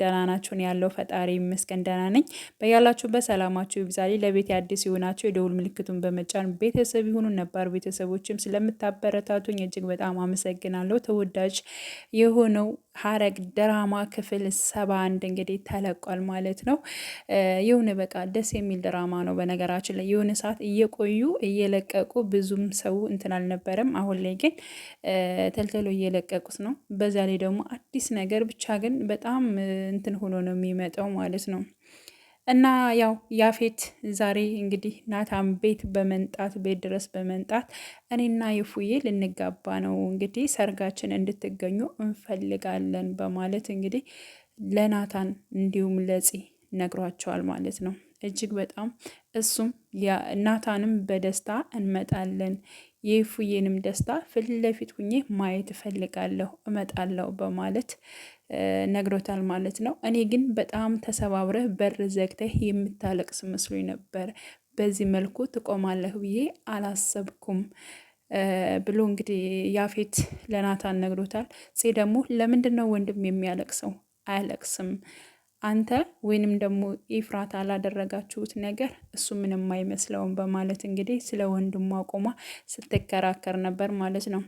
ደህና ናችሁ? ያለው ፈጣሪ ይመስገን ደህና ነኝ። በያላችሁበት ሰላማችሁ ይብዛልኝ። ለቤት አዲስ የሆናችሁ የደውል ምልክቱን በመጫን ቤተሰብ የሆኑ ነባር ቤተሰቦችም ስለምታበረታቱኝ እጅግ በጣም አመሰግናለሁ። ተወዳጅ የሆነው ሐረግ ድራማ ክፍል ሰባ አንድ እንግዲህ ተለቋል ማለት ነው። የሆነ በቃ ደስ የሚል ድራማ ነው። በነገራችን ላይ የሆነ ሰዓት እየቆዩ እየለቀቁ ብዙም ሰው እንትን አልነበረም። አሁን ላይ ግን ተልተሎ እየለቀቁት ነው። በዛ ላይ ደግሞ አዲስ ነገር ብቻ ግን በጣም እንትን ሆኖ ነው የሚመጣው ማለት ነው። እና ያው ያፌት ዛሬ እንግዲህ ናታን ቤት በመንጣት ቤት ድረስ በመንጣት እኔና የፉዬ ልንጋባ ነው እንግዲህ ሰርጋችን እንድትገኙ እንፈልጋለን በማለት እንግዲህ ለናታን እንዲሁም ለጽ ነግሯቸዋል ማለት ነው። እጅግ በጣም እሱም ናታንም በደስታ እንመጣለን የፉዬንም ደስታ ፊት ለፊት ሁኜ ማየት እፈልጋለሁ እመጣለሁ በማለት ነግሮታል ማለት ነው። እኔ ግን በጣም ተሰባብረህ በር ዘግተህ የምታለቅስ መስሎኝ ነበር፣ በዚህ መልኩ ትቆማለህ ብዬ አላሰብኩም ብሎ እንግዲህ ያፌት ለናታን ነግሮታል። ፄ ደግሞ ለምንድን ነው ወንድም የሚያለቅሰው? አያለቅስም አንተ ወይንም ደግሞ ኤፍራት አላደረጋችሁት ነገር እሱ ምንም አይመስለውም በማለት እንግዲህ ስለ ወንድሟ ቆማ ስትከራከር ነበር ማለት ነው።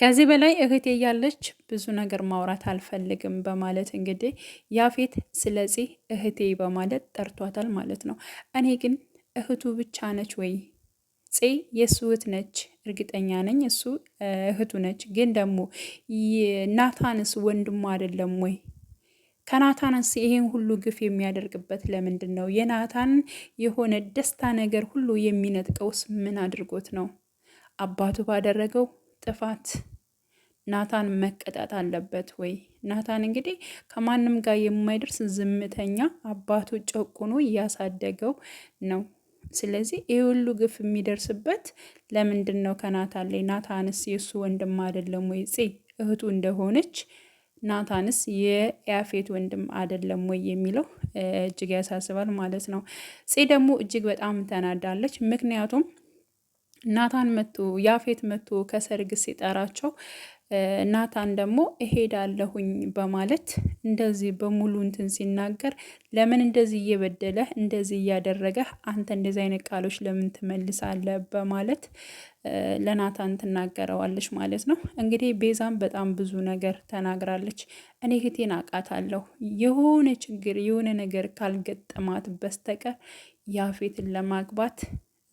ከዚህ በላይ እህቴ እያለች ብዙ ነገር ማውራት አልፈልግም በማለት እንግዲህ ያፌት ስለዚህ እህቴ በማለት ጠርቷታል ማለት ነው። እኔ ግን እህቱ ብቻ ነች ወይ ጽ የእሱ እህት ነች እርግጠኛ ነኝ፣ እሱ እህቱ ነች። ግን ደግሞ ናታንስ ወንድሙ አይደለም ወይ? ከናታንስ ይሄን ሁሉ ግፍ የሚያደርግበት ለምንድን ነው? የናታን የሆነ ደስታ ነገር ሁሉ የሚነጥቀውስ ምን አድርጎት ነው? አባቱ ባደረገው ጥፋት ናታን መቀጣት አለበት ወይ? ናታን እንግዲህ ከማንም ጋር የማይደርስ ዝምተኛ አባቱ ጨቁኖ እያሳደገው ነው። ስለዚህ ይህ ሁሉ ግፍ የሚደርስበት ለምንድን ነው ከናታን ላይ? ናታንስ የእሱ ወንድም አይደለም ወይ? ጽ እህቱ እንደሆነች ናታንስ የያፌት ወንድም አይደለም ወይ የሚለው እጅግ ያሳስባል ማለት ነው። ጽ ደግሞ እጅግ በጣም ተናዳለች። ምክንያቱም ናታን መቶ ያፌት መቶ ከሰርግ ሲጠራቸው ናታን ደግሞ እሄዳለሁኝ በማለት እንደዚህ በሙሉ እንትን ሲናገር ለምን እንደዚህ እየበደለህ እንደዚህ እያደረገህ አንተ እንደዚህ አይነት ቃሎች ለምን ትመልሳለህ? በማለት ለናታን ትናገረዋለች ማለት ነው። እንግዲህ ቤዛም በጣም ብዙ ነገር ተናግራለች። እኔ ህቴን አውቃታለሁ። የሆነ ችግር የሆነ ነገር ካልገጠማት በስተቀር ያፌትን ለማግባት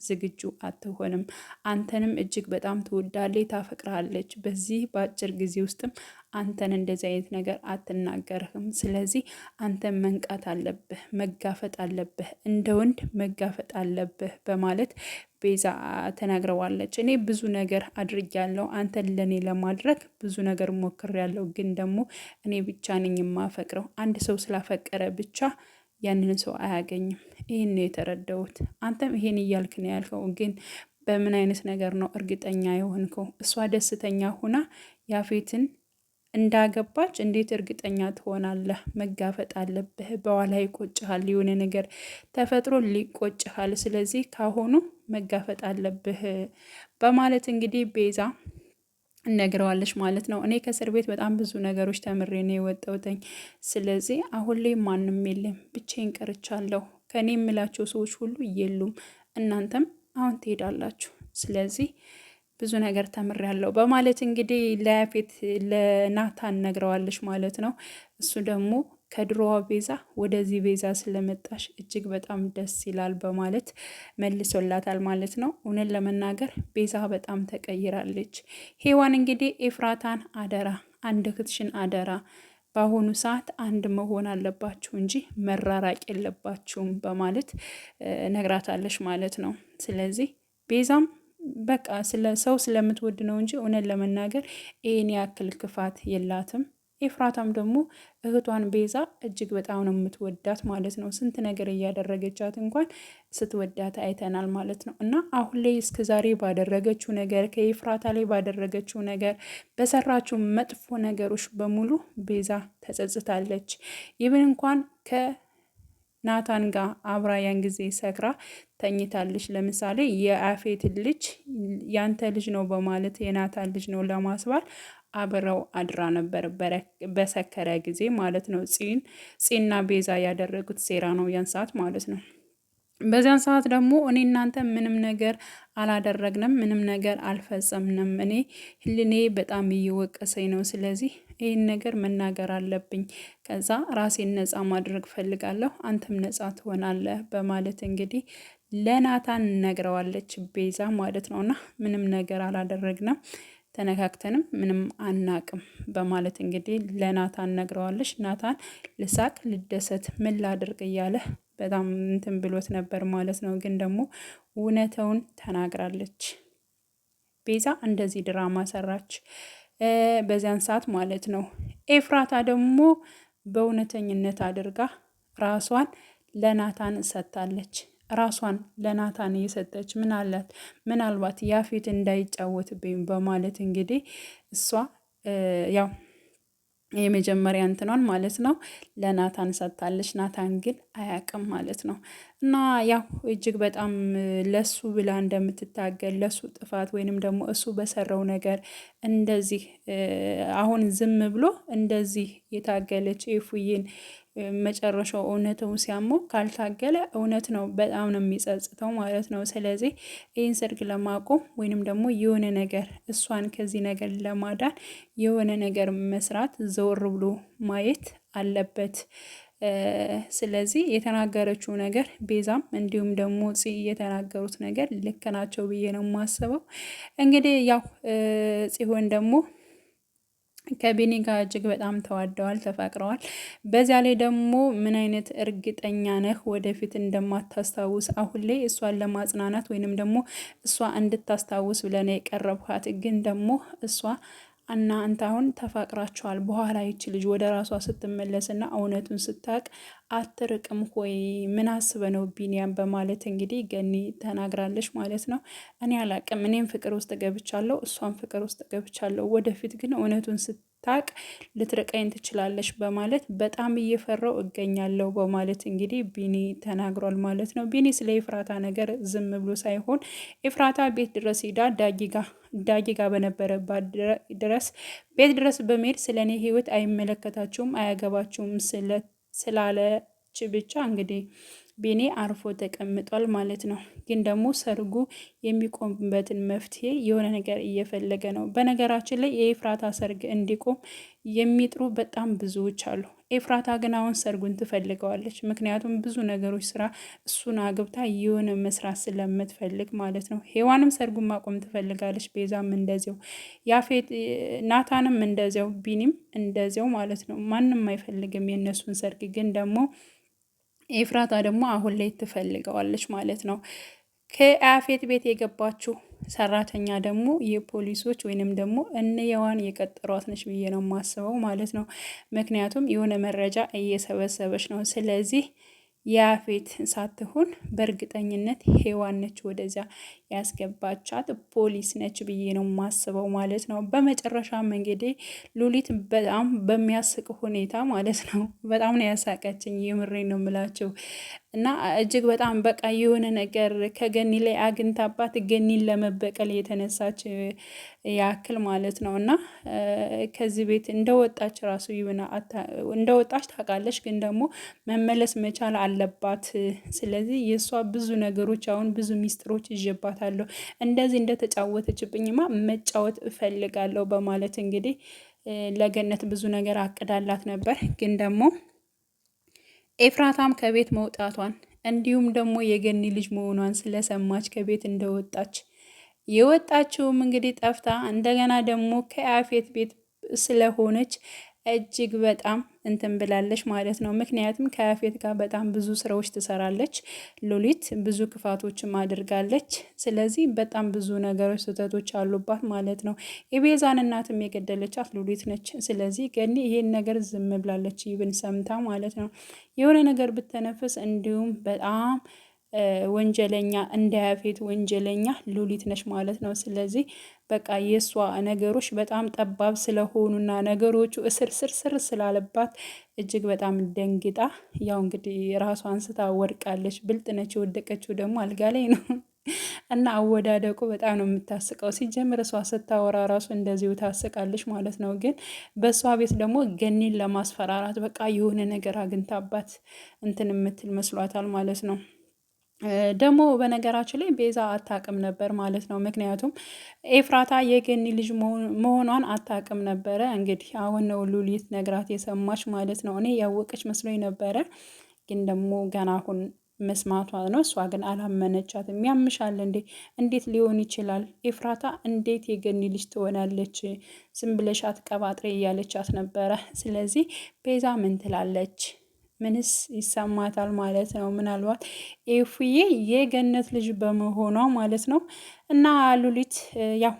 ዝግጁ አትሆንም። አንተንም እጅግ በጣም ትወዳለች፣ ታፈቅራለች በዚህ በአጭር ጊዜ ውስጥም አንተን እንደዚህ አይነት ነገር አትናገርህም። ስለዚህ አንተን መንቃት አለብህ፣ መጋፈጥ አለብህ፣ እንደ ወንድ መጋፈጥ አለብህ በማለት ቤዛ ተናግረዋለች። እኔ ብዙ ነገር አድርጊያለሁ፣ አንተን ለእኔ ለማድረግ ብዙ ነገር ሞክሬያለሁ። ግን ደግሞ እኔ ብቻ ነኝ የማፈቅረው አንድ ሰው ስላፈቀረ ብቻ ያንን ሰው አያገኝም። ይህን ነው የተረዳሁት። አንተም ይሄን እያልክ ነው ያልከው፣ ግን በምን አይነት ነገር ነው እርግጠኛ የሆንከው? እሷ ደስተኛ ሁና ያፌትን እንዳገባች እንዴት እርግጠኛ ትሆናለህ? መጋፈጥ አለብህ። በኋላ ይቆጭሃል፣ የሆነ ነገር ተፈጥሮ ሊቆጭሃል። ስለዚህ ካሁኑ መጋፈጥ አለብህ በማለት እንግዲህ ቤዛ እነግረዋለች ማለት ነው። እኔ ከእስር ቤት በጣም ብዙ ነገሮች ተምሬ ነው ስለዚህ አሁን ላይ ማንም የለም፣ ብቻዬን ቀርቻለሁ። ከእኔ የምላቸው ሰዎች ሁሉ የሉም። እናንተም አሁን ትሄዳላችሁ። ስለዚህ ብዙ ነገር ተምሬያለሁ በማለት እንግዲህ ለያፌት ለናታን ነግረዋለች ማለት ነው። እሱ ደግሞ ከድሮዋ ቤዛ ወደዚህ ቤዛ ስለመጣሽ እጅግ በጣም ደስ ይላል በማለት መልሶላታል ማለት ነው። እውነት ለመናገር ቤዛ በጣም ተቀይራለች። ሄዋን እንግዲህ ኤፍራታን አደራ፣ አንድ ክትሽን አደራ በአሁኑ ሰዓት አንድ መሆን አለባችሁ እንጂ መራራቅ የለባችሁም በማለት ነግራታለች ማለት ነው። ስለዚህ ቤዛም በቃ ስለ ሰው ስለምትወድ ነው እንጂ እውነት ለመናገር ይህን ያክል ክፋት የላትም። ኤፍራታም ደግሞ እህቷን ቤዛ እጅግ በጣም ነው የምትወዳት ማለት ነው። ስንት ነገር እያደረገቻት እንኳን ስትወዳት አይተናል ማለት ነው። እና አሁን ላይ እስከ ዛሬ ባደረገችው ነገር፣ ከኤፍራታ ላይ ባደረገችው ነገር፣ በሰራችው መጥፎ ነገሮች በሙሉ ቤዛ ተጸጽታለች። ይብን እንኳን ከናታን ጋር አብራ ያን ጊዜ ሰክራ ተኝታለች። ለምሳሌ የአፌት ልጅ ያንተ ልጅ ነው በማለት የናታን ልጅ ነው ለማስባል አብረው አድራ ነበር። በሰከረ ጊዜ ማለት ነው። ጺን ጺና ቤዛ ያደረጉት ሴራ ነው ያን ሰዓት ማለት ነው። በዚያን ሰዓት ደግሞ እኔ እናንተ ምንም ነገር አላደረግንም፣ ምንም ነገር አልፈጸምንም። እኔ ህልኔ በጣም እየወቀሰኝ ነው። ስለዚህ ይህን ነገር መናገር አለብኝ። ከዛ ራሴን ነፃ ማድረግ ፈልጋለሁ፣ አንተም ነፃ ትሆናለህ በማለት እንግዲህ ለናታን ነግረዋለች ቤዛ ማለት ነውና ምንም ነገር አላደረግንም ተነካክተንም ምንም አናቅም በማለት እንግዲህ ለናታን ነግረዋለች። ናታን ልሳቅ፣ ልደሰት፣ ምን ላድርግ እያለ በጣም እንትን ብሎት ነበር ማለት ነው። ግን ደግሞ እውነተውን ተናግራለች። ቤዛ እንደዚህ ድራማ ሰራች በዚያን ሰዓት ማለት ነው። ኤፍራታ ደግሞ በእውነተኝነት አድርጋ ራሷን ለናታን ሰጥታለች። ራሷን ለናታን እየሰጠች ምን አላት ምናልባት ያፌት እንዳይጫወትብኝ በማለት እንግዲህ እሷ ያው የመጀመሪያ እንትኗን ማለት ነው ለናታን ሰጥታለች። ናታን ግን አያቅም ማለት ነው። እና ያው እጅግ በጣም ለሱ ብላ እንደምትታገል ለሱ ጥፋት ወይንም ደግሞ እሱ በሰራው ነገር እንደዚህ አሁን ዝም ብሎ እንደዚህ የታገለች ኤፉዬን መጨረሻው እውነትም ሲያመው ካልታገለ እውነት ነው፣ በጣም ነው የሚጸጽተው ማለት ነው። ስለዚህ ይህን ሰርግ ለማቆም ወይንም ደግሞ የሆነ ነገር እሷን ከዚህ ነገር ለማዳን የሆነ ነገር መስራት ዘወር ብሎ ማየት አለበት። ስለዚህ የተናገረችው ነገር ቤዛም እንዲሁም ደግሞ ጽ የተናገሩት ነገር ልክ ናቸው ብዬ ነው የማስበው። እንግዲህ ያው ጽሆን ደግሞ ከቢኒ ጋር እጅግ በጣም ተዋደዋል፣ ተፋቅረዋል። በዚያ ላይ ደግሞ ምን አይነት እርግጠኛ ነህ ወደፊት እንደማታስታውስ? አሁን ላይ እሷን ለማጽናናት ወይንም ደግሞ እሷ እንድታስታውስ ብለን የቀረብኋት ግን ደግሞ እሷ እና አንተ አሁን ተፋቅራችኋል። በኋላ ይች ልጅ ወደ ራሷ ስትመለስና እውነቱን ስታቅ አትርቅም ሆይ ምን አስበ ነው ቢኒያም በማለት እንግዲህ ገኒ ተናግራለች ማለት ነው። እኔ አላቅም፣ እኔም ፍቅር ውስጥ ገብቻለሁ፣ እሷም ፍቅር ውስጥ ገብቻለሁ። ወደፊት ግን እውነቱን ስታቅ ልትርቀኝ ትችላለች በማለት በጣም እየፈራው እገኛለሁ በማለት እንግዲህ ቢኒ ተናግሯል ማለት ነው። ቢኒ ስለ ኤፍራታ ነገር ዝም ብሎ ሳይሆን ኤፍራታ ቤት ድረስ ሄዳ ዳጊ ጋ በነበረባት ድረስ ቤት ድረስ በመሄድ ስለ እኔ ሕይወት አይመለከታችሁም አያገባችሁም ስላለ ብቻ እንግዲህ ቤኔ አርፎ ተቀምጧል ማለት ነው። ግን ደግሞ ሰርጉ የሚቆምበትን መፍትሄ የሆነ ነገር እየፈለገ ነው። በነገራችን ላይ የኤፍራታ ሰርግ እንዲቆም የሚጥሩ በጣም ብዙዎች አሉ። ኤፍራታ ግን አሁን ሰርጉን ትፈልገዋለች። ምክንያቱም ብዙ ነገሮች ስራ እሱን አግብታ የሆነ መስራት ስለምትፈልግ ማለት ነው። ሄዋንም ሰርጉን ማቆም ትፈልጋለች። ቤዛም እንደዚያው፣ ያፌት ናታንም እንደዚያው፣ ቢኒም እንደዚያው ማለት ነው። ማንም አይፈልግም የእነሱን ሰርግ ግን ደግሞ ኤፍራታ ደግሞ አሁን ላይ ትፈልገዋለች ማለት ነው። ከአፌት ቤት የገባችው ሰራተኛ ደግሞ የፖሊሶች ወይንም ደግሞ የዋን የቀጠሯት ነች ብዬ ነው የማስበው ማለት ነው። ምክንያቱም የሆነ መረጃ እየሰበሰበች ነው። ስለዚህ የአፌት ሳትሆን በእርግጠኝነት ሄዋን ነች ወደዚያ ያስገባቻት ፖሊስ ነች ብዬ ነው የማስበው ማለት ነው። በመጨረሻም እንግዲህ ሉሊት በጣም በሚያስቅ ሁኔታ ማለት ነው በጣም ነው ያሳቀችኝ። የምሬ ነው የምላችሁ እና እጅግ በጣም በቃ የሆነ ነገር ከገኒ ላይ አግኝታባት ገኒን ለመበቀል የተነሳች ያክል ማለት ነው። እና ከዚህ ቤት እንደወጣች ራሱ ይሆና እንደወጣች ታውቃለች፣ ግን ደግሞ መመለስ መቻል አለባት። ስለዚህ የእሷ ብዙ ነገሮች አሁን ብዙ ሚስጥሮች ይዤባት እጫወታለሁ፣ እንደዚህ እንደተጫወተችብኝማ መጫወት እፈልጋለሁ በማለት እንግዲህ ለገነት ብዙ ነገር አቅዳላት ነበር። ግን ደግሞ ኤፍራታም ከቤት መውጣቷን እንዲሁም ደግሞ የገኒ ልጅ መሆኗን ስለሰማች ከቤት እንደወጣች የወጣችውም እንግዲህ ጠፍታ እንደገና ደግሞ ከያፌት ቤት ስለሆነች እጅግ በጣም እንትን ብላለች ማለት ነው። ምክንያቱም ከያፌት ጋር በጣም ብዙ ስራዎች ትሰራለች ሉሊት፣ ብዙ ክፋቶችም አድርጋለች። ስለዚህ በጣም ብዙ ነገሮች ስህተቶች አሉባት ማለት ነው። የቤዛን እናትም የገደለቻት ሉሊት ነች። ስለዚህ ገኒ ይሄን ነገር ዝም ብላለች፣ ይብን ሰምታ ማለት ነው። የሆነ ነገር ብትነፍስ እንዲሁም በጣም ወንጀለኛ እንደ ያፌት ወንጀለኛ ሉሊት ነች ማለት ነው። ስለዚህ በቃ የእሷ ነገሮች በጣም ጠባብ ስለሆኑና ነገሮቹ እስር ስር ስር ስላለባት እጅግ በጣም ደንግጣ ያው እንግዲህ ራሷ አንስታ ወድቃለች። ብልጥ ነች። የወደቀችው ደግሞ አልጋ ላይ ነው እና አወዳደቁ በጣም ነው የምታስቀው። ሲጀምር እሷ ስታወራ ራሱ እንደዚሁ ታስቃለች ማለት ነው። ግን በእሷ ቤት ደግሞ ገኒን ለማስፈራራት በቃ የሆነ ነገር አግኝታባት እንትን የምትል መስሏታል ማለት ነው። ደግሞ በነገራችን ላይ ቤዛ አታቅም ነበር ማለት ነው። ምክንያቱም ኤፍራታ የገኒ ልጅ መሆኗን አታቅም ነበረ። እንግዲህ አሁን ነው ሉሊት ነግራት የሰማች ማለት ነው። እኔ ያወቀች መስሎኝ ነበረ፣ ግን ደግሞ ገና አሁን መስማቷ ነው። እሷ ግን አላመነቻትም። ያምሻል እንዴ? እንዴት ሊሆን ይችላል? ኤፍራታ እንዴት የገኒ ልጅ ትሆናለች? ዝም ብለሽ አትቀባጥሬ እያለቻት ነበረ። ስለዚህ ቤዛ ምን ትላለች? ምንስ ይሰማታል ማለት ነው። ምናልባት ኤፉዬ የገነት ልጅ በመሆኗ ማለት ነው። እና ሉሊት ያው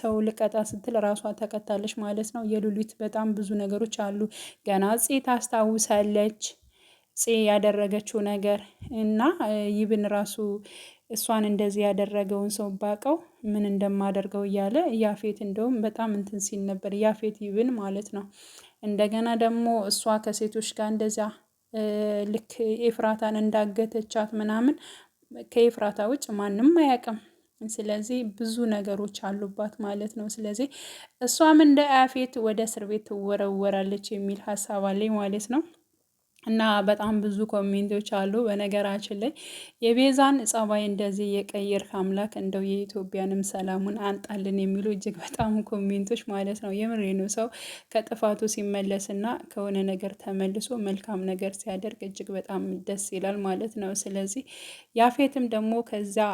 ሰው ልቀጣ ስትል ራሷ ተቀጣለች ማለት ነው። የሉሊት በጣም ብዙ ነገሮች አሉ። ገና ፄ ታስታውሳለች ፄ ያደረገችው ነገር እና ይብን ራሱ እሷን እንደዚህ ያደረገውን ሰው ባቀው ምን እንደማደርገው እያለ ያፌት እንደውም በጣም እንትን ሲል ነበር ያፌት ይብን ማለት ነው። እንደገና ደግሞ እሷ ከሴቶች ጋር እንደዚያ ልክ ኤፍራታን እንዳገተቻት ምናምን ከኤፍራታ ውጭ ማንም አያውቅም። ስለዚህ ብዙ ነገሮች አሉባት ማለት ነው። ስለዚህ እሷም እንደ አፌት ወደ እስር ቤት ትወረወራለች የሚል ሀሳብ አለኝ ማለት ነው። እና በጣም ብዙ ኮሜንቶች አሉ። በነገራችን ላይ የቤዛን ጸባይ እንደዚህ የቀየርክ አምላክ እንደው የኢትዮጵያንም ሰላሙን አንጣልን የሚሉ እጅግ በጣም ኮሜንቶች ማለት ነው። የምሬኑ ሰው ከጥፋቱ ሲመለስና ከሆነ ነገር ተመልሶ መልካም ነገር ሲያደርግ እጅግ በጣም ደስ ይላል ማለት ነው። ስለዚህ ያፌትም ደግሞ ከዚያ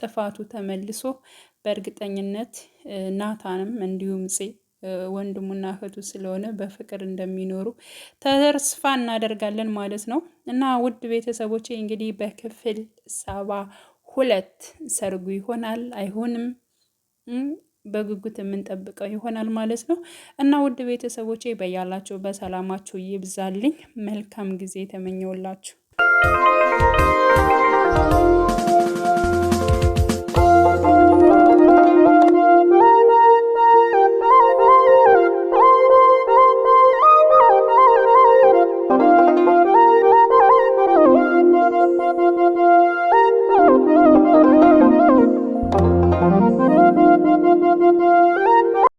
ጥፋቱ ተመልሶ በእርግጠኝነት ናታንም እንዲሁም ወንድሙና እህቱ ስለሆነ በፍቅር እንደሚኖሩ ተስፋ እናደርጋለን ማለት ነው። እና ውድ ቤተሰቦቼ እንግዲህ በክፍል ሰባ ሁለት ሰርጉ ይሆናል አይሆንም በጉጉት የምንጠብቀው ይሆናል ማለት ነው። እና ውድ ቤተሰቦቼ በያላችሁ በሰላማችሁ ይብዛልኝ። መልካም ጊዜ የተመኘውላችሁ